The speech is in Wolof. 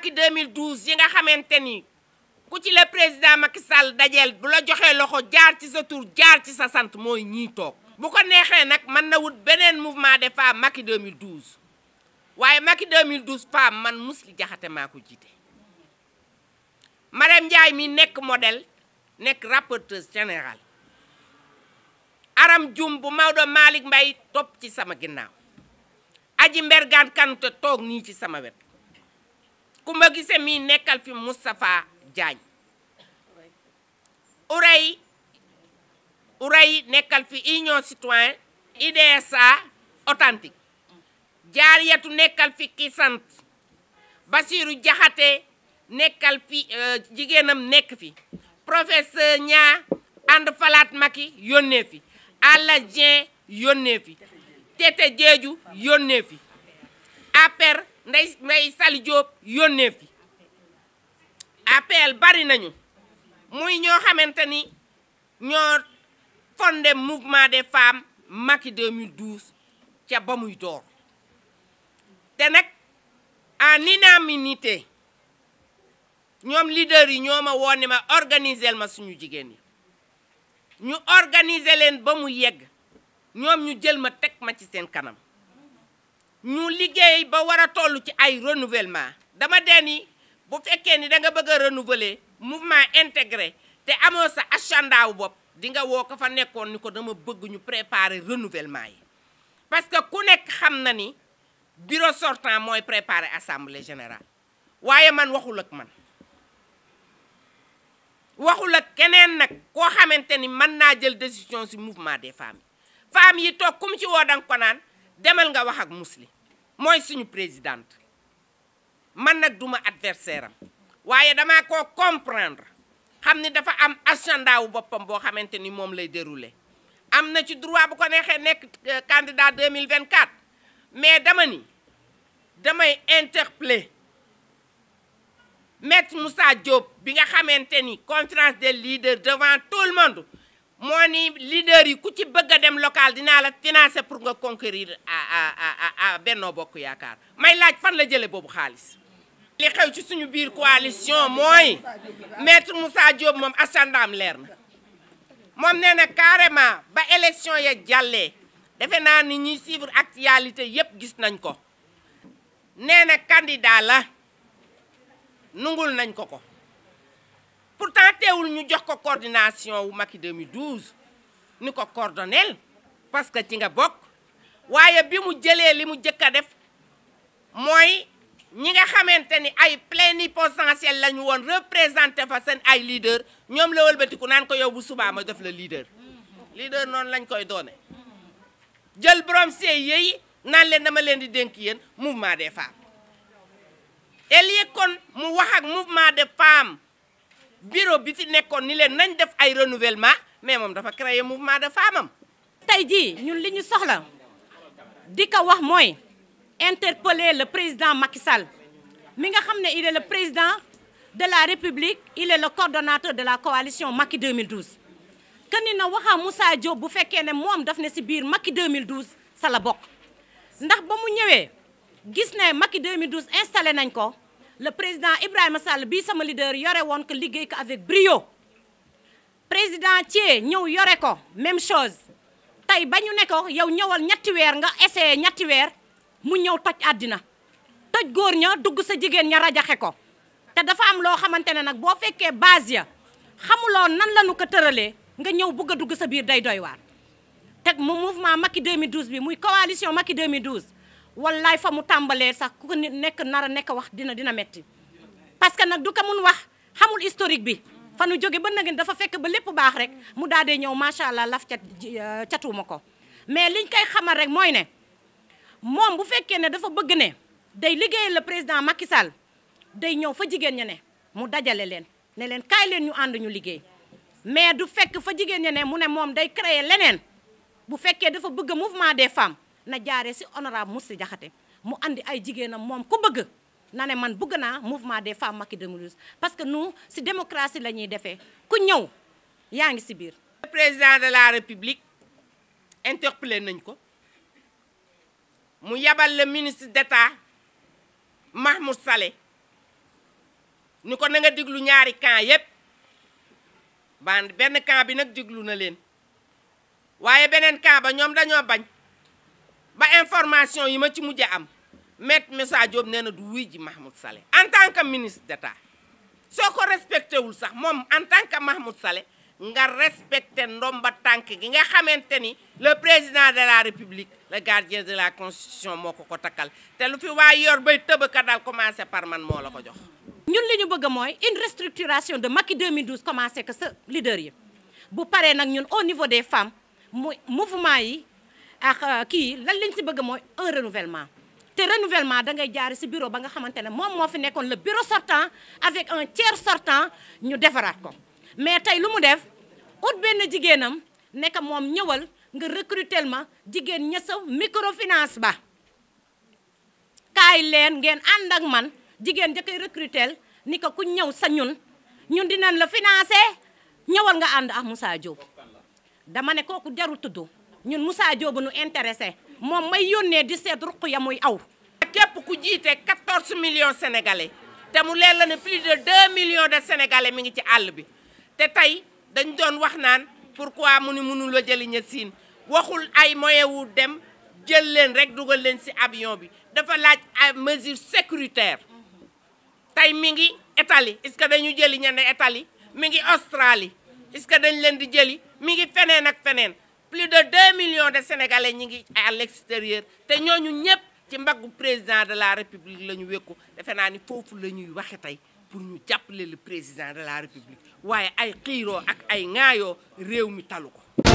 Macky 2012 yi nga xamante ni ku ci la président Macky Sall dajeel bu la joxee loxo jaar ci sa tur jaar ci sa sant mooy ñii toog bu ko neexee nag mën na wut beneen mouvement des femmes Macky 2012 waaye Macky 2012 femmes man Mously Diakhaté maa ko jiite Marème Ndiaye mi nekk model nekk rapporteuse général Aram Dioum bu Maodo Malick mbay topp ci sama ginnaaw Aji Mbergane Kanouté toog nii ci sama wet Kumba Gise mi nekkal fi Moustapha Diagne Ourey Ourey nekkal fi Union Citoyen IDSA authentique Jaariyatu nekkal fi ki sant Basiiru Jaxate nekkal fi euh, jigéenam nekk fi professeur ñaar ànd falaat Maki yónnee fi Alla Dieng yónnee fi Tete Jeeju yónnee fi APR nday nday Sali Diop yónnee fi APL bari nañu muy ñoo xamante ni ñoo fondé mouvement des femmes Macky 2012 ca ba muy door te nag en unanimité ñoom leader yi ñoo ma woo ma organiser ma suñu jigéen yi ñu organiser leen ba mu yegg ñoom ñu jël ma teg ma ci seen kanam ñu liggéey ba war a toll ci ay renouvellement dama dee ni bu fekkee ni da nga bëgg renouveler mouvement intégré te amos sa achandaaw bopp di nga woo ko fa nekkoon ni ko dama bëgg ñu préparer renouvellement yi parce que ku nekk xam ni bureau sortant moi préparer assemblée générale waaye man waxul ak man waxul ak keneen nag koo xamante ni jël décision ci mouvement des femmes femmes yi tok kum ci woo ko nan je nga wax ak moy présidente man nak duma adversaire waye dama comprendre xamni dafa am agenda wu ni lay dérouler droit bu ko nexé euh, candidat 2024 mais dama ni damay interpeller maître Moussa Diop bi nga des leaders devant tout le monde moo ni leader yi ku ci bëgg a dem local dinaa la financer pour nga conquérir à à à Benno Bokk Yaakaar may laaj fan la jëlee boobu xaalis. li xew ci suñu biir coalition mooy maître Moussa Diop moom asandaam leer na moom nee na carrément ba élection ya jàllee defe naa ni ñuy suivre actualité yépp gis nañ ko nee na candidat la nungul nañ ko ko. teewul ñu jox ko coordination wu Maki 2012 ni ko coordonnel parce que ci nga bokk waaye bi mu nous li mu jëkk a def mooy ñi nga xamante ni ay plénipotentiel la ñu woon représenté fa seen ay leader ñoom la wëlbatiku naan ko yow bu subaa ma def la leader leader non lañ koy donné. jël borom see yéy naan leen dama leen di denk yeen mouvement des femmes Elle est kon mu wax ak mouvement des femmes bureau bi fi nekkoon ni len nañ def ay renouvellement mais mom dafa créer mouvement de femmes tay ji ñun liñu soxla dika wax interpeller le président Macky Sall mi nga il est le président de la République il est le coordonnateur de la coalition Macky 2012 avons waxa Moussa Diop bu fekké né mom daf né ci biir Macky 2012 sa la bokk ndax ba mu ñëwé gis né Macky 2012 installé nañ ko le président Ibrahima Sall bi sama leader yoré won ko liguey ko avec brio président Thié ñëw yoré ko même chose tay bañu ñu ne ko yow ñewal ñetti wër nga essayé ñetti wër mu ñëw toj adina toj gor ña dugg sa jigen ña rajaxe ko té dafa am lo xamante nak bo féké base ya xamuloo nan lañu ko tëralee nga ñëw bëgg dugg sa bir day doy war teg mu mouvement Macky 2012 bi muy coalition Macky 2012 wallaay fa mu tàmbalee sax ku ko nekk nar a nekk wax dina dina metti parce que nag du ko mun wax xamul historique bi fa nu jóge ba nag dafa fekk ba lépp baax rek mu daal dee ñëw macha allah laf cat euh, catuma ko mais liñ koy xamal rek mooy ne moom bu fekkee ne dafa bëgg ne day liggéeyal la président Macky Sall day ñëw fa jigéen ña ne mu dajale leen ne leen kay leen ñu ànd ñu liggéey mais du fekk fa jigéen ña ne mu ne moom day créer leneen bu fekkee dafa bëgg mouvement des femmes na jaaree si honorable Moussi Diakhaté mu indi ay jigéenam moom ku bëgg na ne man bugg naa mouvement des femmes Macky 2012 parce que nu si démocratie la ñuy defee ku ñëw yaa ngi si biir. président de la république interpellé nañ ko mu yabal la ministre d'état Mahmoud Saleh ni ko na nga diglu ñaari camp yépp ban benn camp bi nag diglu na leen waaye beneen camp ba ñoom dañoo bañ. ba information yi ma ci mujj am Met message Job nee du Mahmoud Saleh en tant que ministre d'État soko respecté wul sax mom en tant que Mahmoud Saleh nga respecté ndomba tank gi nga je ni le président de la république le gardien de la constitution moko ko takal té lu fi wa yor bay ka dal commencer par man mo la ko jox ñun li ñu bëgg moy une restructuration de maqui 2012 commencer que ce leadership. yi bu paré nak ñun au niveau des femmes mouvement yi ak euh, kii lan lañ si bëgg mooy un renouvellement te renouvellement da ngay jaar si bureau ba nga xamante ne moom moo fi nekkoon le bureau sortant avec un tiers sortant ñu defaraat ko mais tey lu mu def ut benn jigéenam nekk moom ñëwal nga recruter ma jigéen ña sa microfinance ba kaay leen ngeen ànd ak man jigéen ja koy ni ko ku ñëw sa ñun ñun dinañ la financer ñëwal nga ànd ak Moussa Diop dama ne kooku jarul tudd ñun Moussa Diop nu intéressé moom may yónnee di seet ruq ya muy aw. képp ku jiite 14 millions sénégalais te mu leer la ne plus de 2 millions de sénégalais mi ngi ci àll bi te tey dañ doon wax naan pourquoi mu ni mënu la jëli ña siin waxul ay moyen wu dem jël leen rek dugal leen ci avion bi dafa laaj ay mesure sécuritaire tey mi ngi Italie est-ce que dañu jëli ñenn Italie mi ngi Australie est-ce que dañ leen di jëli mi ngi feneen ak feneen. plus de 2 millions de sénégalais ñi ngi à l'extérieur te ñooñu ñëpp ci mbaggu président de la république la ñu wékku defe naa ni foofu la ñuy waxe tey pour ñu jàppale le président de la république waaye ay xiiroo ak ay ŋaayoo réew mi talu ko